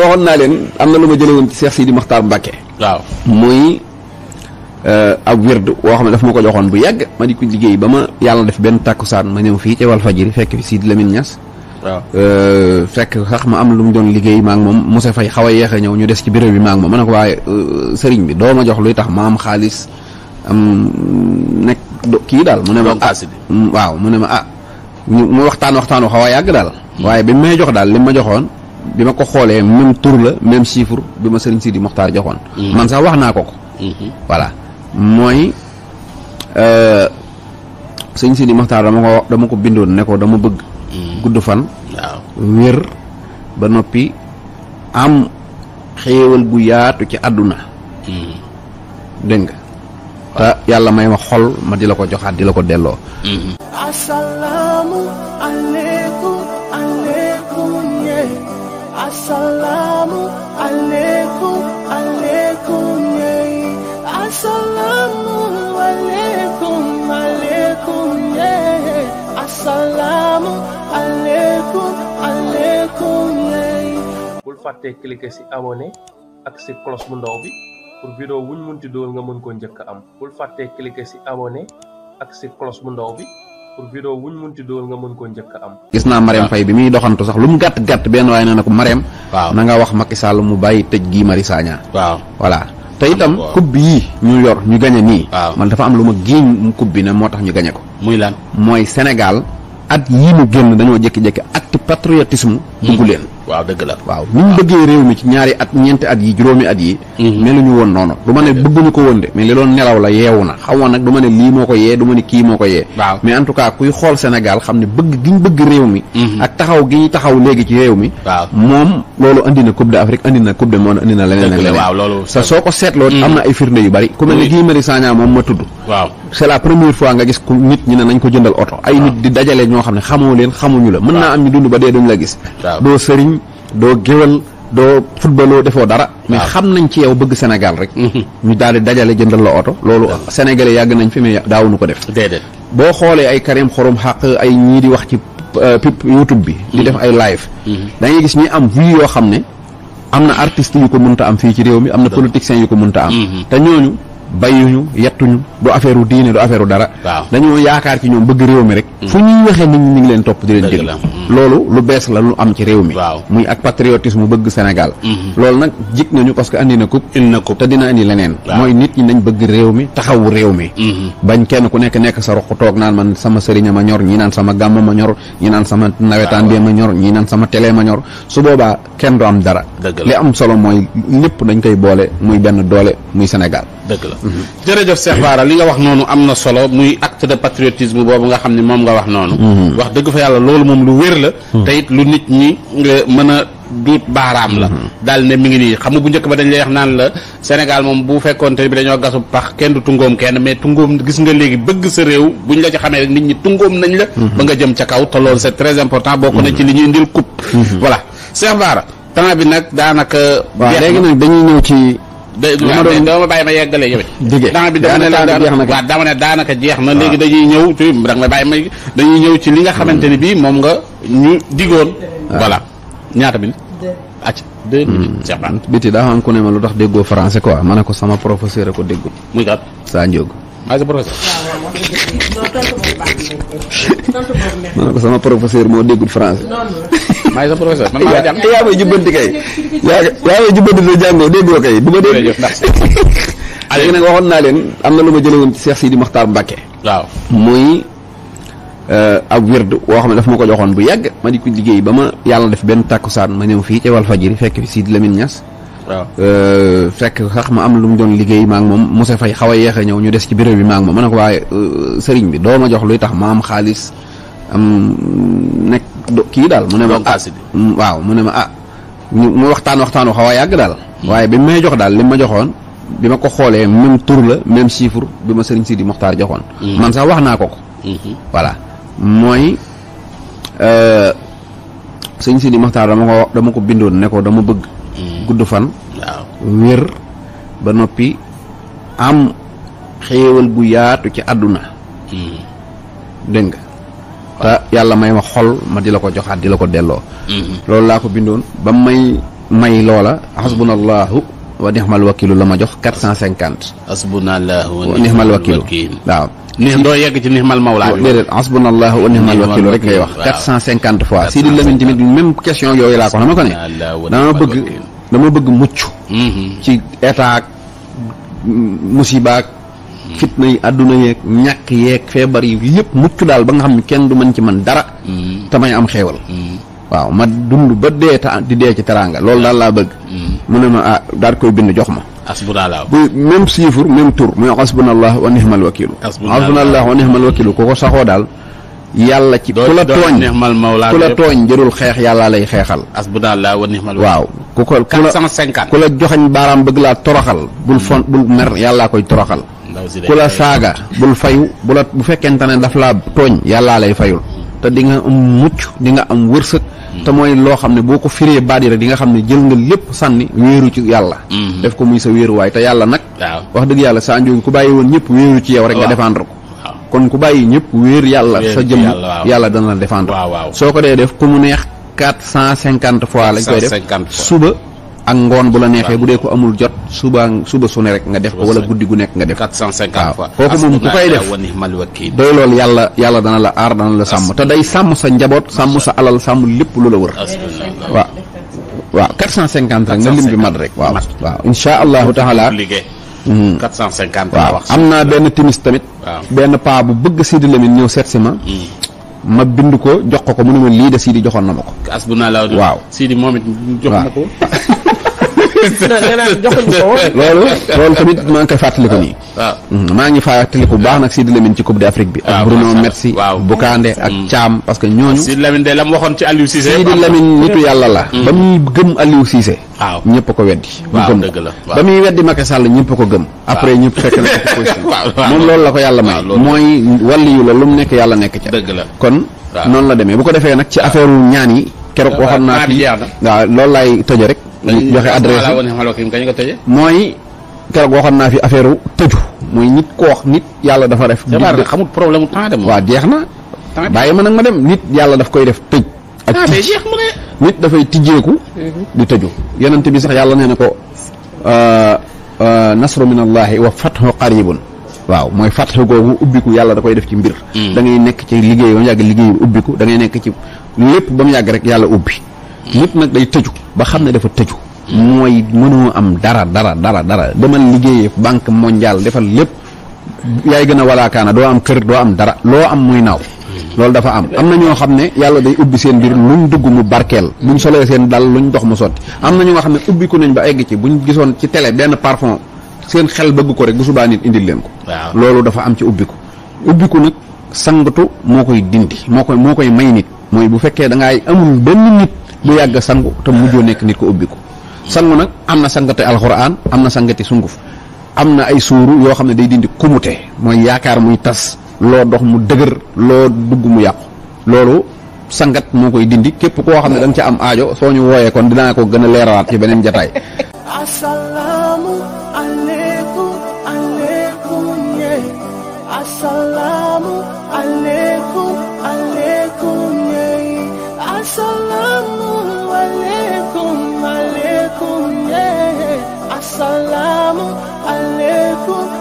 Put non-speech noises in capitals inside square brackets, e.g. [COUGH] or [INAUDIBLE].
waxoon naa leen am na lu ma jële woon ci Cheikh Sidi Makhtar Mbacke. waaw muy euh, ab wird woo xam ne daf ma ko joxoon bu yàgg ma di ko liggéey ba ma yàlla def benn saan ma ñëw fii ci Walfadjri fekk fi Sidi Lamine Niass. Euh, fekk sax ma am lu mu doon liggéey ma ak moom Moussa Faye xaw a yeex a ñëw ñu des ci bureau bi ma ak moom ko waaye euh, sëriñ bi doo ma jox luy tax ma am xaalis am nekk kii daal mu ne ma. Ah, waaw mu ne ma ah. mu waxtaan waxtaan xaw a yàgg daal. Hmm. waaye ma joxoon. bima ko xolé même tour la même chiffre bima serigne Sidi Mokhtar joxoon. Mhm. man sa waxna naa ko ko. Mhm. voilà euh serigne Sidi Mokhtar dama ko dama ko bindone ne ko dama bëgg. Mhm. gudd fan. waaw ba nopi am xewal gu yaatu ci àdduna. deng nga. ta yalla may ma xol ma dila ko joxat dila ko delo assalamu alaykum alaykum yeah. Assalamu alaikum alaikum yai Assalamu alaikum alaikum yai Assalamu alaikum alaikum yai Bul fàtte cliquer ci abonné ak ci cloche bu ndaw bi pour vidéo wuñ munti doon nga mën ko njëkk am bul fàtte cliquer ci abonné ak ci cloche bu ndaw bi pour vidéo wuñ munti dóor nga mën koo njëkk a am. gis naa Marème Faye bi muy doxantu sax lu mu gàtt gàtt benn waaye nee na ko Marème. waaw na nga wax Macky Sall mu bàyyi tëj gii Mari Sagna. waaw voilà te itam coupe bi yii ñu yor ñu gañe nii. man dafa am lu ma géeñ coupe bi ne moo tax ñu gañe ko. muy lan mooy Sénégal at yii mu génn dañoo jékki-jékki acte patriotisme dugg mm-hmm. leen. waaw dëgg la waaw ni ñu bëggee réew mi ci ñaari at ñeenti at yi juróomi at yi mhm. meluñu woon noonu du ma ne bëgguñu ko woon de mais doon nelaw la yeewu na xamoon nag du ma ne lii moo ko yee du ma ne kii moo ko yee mais en kuy xool Sénégal xam ne bëgg gi ñu bëgg réew mi mhm. ak taxaw gi taxaw léegi ci réew mi moom loolu andi na Coupe d'Afrique andi na Coupe du Monde andi na leneen leneen sa soo ko seetloo mhm. am na ay firnde yu bari ku mel ne Guy Marius Sagna moom c'est la première fois nga gis ku nit ñi ne nañ ko jëndal oto ay nit di dajale ñoo xam ne xamoo leen xamuñu la mën naa am ñu dund ba dee duñ la gis doo sëriñ doo géwal doo footballoo defoo dara mais xam nañ ci yow bëgg Sénégal rek mhm. ñu daal di dajale jëndal la oto loolu sénégalais yàgg nañ fi mais daawuñu ko def déedéet boo xoolee ay Karim Xorom Xaq ay ñii di wax ci euh, pip YouTube bi di mhm. def ay live mhm. da ngay gis ñi am vie yoo xam ne am na artistes yu ko mun ta am fii ci réew mi am na politiciens yu ko mënta am bayuñu yettuñu du affaireu diine du affaireu dara dañu yaakar ci ñoom bëgg réew mi rek mm. fu ñuy waxee ni ñu ngi leen top di leen jël mm. loolu lu bees la lu am ci réew mi muy ak patriotisme bëgg sénégal mm-hmm. loolu nak jik nañu parce que andi na coupe indi na coupe ta dina andi leneen moy nit ñi nañ bëgg réew mi taxawu réew mi mm-hmm. bañ kenn ku nekk nekk sa roxu tok naan man sama serinya ma ñor ñi naan sama gamo ma ñor ñi naan sama nawetaan bi ma ñor ñi naan sama télé ma ñor su boba kenn du am dara li am solo moy ñepp dañ koy bolé muy ben doole muy sénégal dëgg la mhm. jërëjëf Cheikh Bara li nga wax noonu am na solo muy acte de patriotisme boobu nga xam ne moom nga wax noonu mhm. wax dëgg fa yàlla loolu moom lu wér la mhm. te it lu nit ñi mën a duut baaraam la daal ne mu ngi nii xam nga bu njëkk ba dañ lay wax naan la Sénégal moom bu fekkoonte bi dañoo gasu pax kenn du tungoom kenn mais tungoom gis nga léegi bëgg sa réew bu ñu la ci xamee rek nit ñi tungoom nañ la ba nga jëm ca kaw te loolu c'est très important bokk na ci li ñuy indil coupe voilà Cheikh Bara temps dama doon dama bàyyi ma yeggale yow dige dama bi dama ne la waaw dama ne daanaka jeex na léegi dañuy ñëw ci da nga bàyyi ma dañuy ñëw ci li nga xamante ni bii moom nga ñu digoon voilà ñaata minute acc deux minutes ko sama professeur ko déggu muy kat saa njóog maa sa professeur français maay sa professeur man maa jàng ya may jubbanti kay yaa yaa may jubbanti do jàngoo déggoo kay du ma dégg léegi nag na Cheikh Sidi Mokhtar wird daf bu di ko liggéey ba ma def benn tàkkusaan ma ñëw fii ci Walfadjri fekk fi Sidi Lamine Niass waaw fekk sax ma am lu mu doon liggéey maak moom Moussa Faye xaw a yeex a ñu des ci bi euh, bi ma jox luy tax ma am nek do ki dal mune ma ah waaw mu ma ah mu waxtan waxtan xawa yag dal hmm. waye bi may jox dal lima joxon bima ko xoolee même tour la même chiffre bima serigne Sidi muxtar joxon hmm. man sa waxna ko ko hmm. voilà euh serigne Sidi muxtar dama ko dama ko bindon ne ko dama bëgg gudd fan ba nopi am xewal gu yaatu ci denga. te yàlla may ma xol ma di la ko joxaat di la ko delloo mm-hmm. loolu laa ko bindoon ba may may loola hasbunallahu wa nixmal wakilu la ma jox quatre cent cinquante hasbunallahu wa nixmal wakilu waaw ni doo yegg ci nixmal mawlaa bi déedéet hasbunallahu wa nixmal wakilu rek ngay wax quatre cent cinquante fois Sidi Lamine tamit même question yooyu laa ko dama ko ne dama bëgg dama bëgg mucc mm-hmm. ci état musibaak fitna yi àdduna yeeg ñàkk yeeg feebar yi yëpp mucc daal ba nga xam ne kenn du mën ci man dara tamay am xeewal waaw ma dund ba dee ta di dee ci teraanga loolu daal laa bëgg mu ne ma ah daal koy bind jox ma asbunallah bu même chiffre même tour muy asbunallah wa nihmal wakilu asbunallah wa nihmal wakilu ku ko saxoo daal yàlla ci ku la tooñ ku la tooñ jërul xeex yàlla lay xeexal asbunallah wa nihmal waaw ku ko ku la joxañ baaraam bëgg laa toroxal bul fon bul mer yàllaa koy toroxal ku la saaga bul fayu bu la bu fekkente ne daf la tooñ yàllaa lay fayul te di nga am mucc di nga am wërsëg hmm. te mooy loo xam ne boo ko firee baat yi di nga xam ne jël nga lépp sànni wéeru ci yàlla hmm. def ko muy sa wéeruwaay te yàlla nag wax dëgg yàlla sa njóogu ku bàyyi woon ñëpp wéeru ci yow rek nga défendre ko kon ku bàyyi ñëpp wéer yàlla sa jëmm yàlla dana la défendre soo ko dee def ku mu neex quatre cent cinquante fois lañ koy def suba ak ngon bu la neexee bu ko amul jot suba suba su ne rek nga def ko wala guddi gu nga def 450 fois kooku moom ku koy def doy loolu yàlla yàlla dana la aar dana la sàmm te day sàmm sa njaboot sàmm sa alal sàmm lépp lu la wër waaw waaw 450 rek na lim bi mat rek waaw waaw insha allahu taala 450 hmm. waaw am naa benn timis tamit benn paa bu bëgg sidi lamin ñëw seet ma hmm. ma bind ko jox ko ko mu ne ma lii de sidi joxoon na ma ko asbuna la waaw sidi moom jox na [LAUGHS] loolu loolu tamit maa ngi koy fàttaliku nii ah. mm-hmm. maa ngi fàttaliku bu baax nag Sidi Lamine ci Coupe d'Afrique bi ah, ak Bruno Metsu Bokandé ak Thiam parce que ñooñu Sidi Lamine de lam waxoon ci Aliou Cissé nitu yàlla la mm. ba muy gëm Aliou Cissé waaw ñëpp ko weddi mu gëm ko ba muy weddi ma Sall ñëpp a ko gëm après ñëpp fekk na ko [LAUGHS] position moom loolu la ko yàlla may mooy waliyu la lu mu nekk yàlla nekk ca dëgg la kon noonu la demee bu ko defee nag ci affaire ñaan yi keroog waxoon naa fi waaw loolu laay tëje rek dañuy joxe adresse yi mooy keroog waxoon naa fi affaire u tëju mooy nit ko wax nit yàlla dafa def. xamul problème mu waa jeex na. bàyyi ma nag ma dem nit yàlla daf koy def tëj. ak ah, nit dafay tijjeeku. Mm-hmm. di tëju yonent bi sax yàlla nee na ko. Euh, euh, nasru min allahi wa fathu qaribun waaw mooy fathu googu ubbiku yàlla da koy def ci mbir. Mm. da ngay nekk ci liggéey ba mu yàgg liggéey ubbiku da ngay nekk ci lépp ba mu yàgg rek yàlla ubbi. nit nag day tëju ba xam ne dafa tëju mooy mënoo am dara dara dara dara demal liggéeye banque mondiale defal lépp yaay gën a walaakaana doo am kër doo am dara loo am muy naaw loolu dafa am am na ñoo xam ne yàlla day ubbi seen mbir luñ dugg mu barkeel buñ solee seen dal lu luñ dox mu sotti am na ñoo xam ne ubbiku nañ ba egg ci ñu gisoon ci télé benn parfum seen xel bëgg ko rek bu nit indil leen ko loolu dafa am ci ubbiku ubbiku nag sangatu moo koy dindi moo koy koy may mu yàgg a sangu te mujjoo nekk nit ko ubbiku sangu nag am na sangate alxuraan am na sangati sunguf am na ay suuru yoo xam ne day dindi kumute mooy yaakaar muy tas loo dox mu dëgër loo dugg mu yàqu loolu sangat moo koy dindi képp koo xam ne da nga ca am aajo soo ñu wooyee kon dinaa ko gën a leeralaat ci beneen jataay [LAUGHS] fool.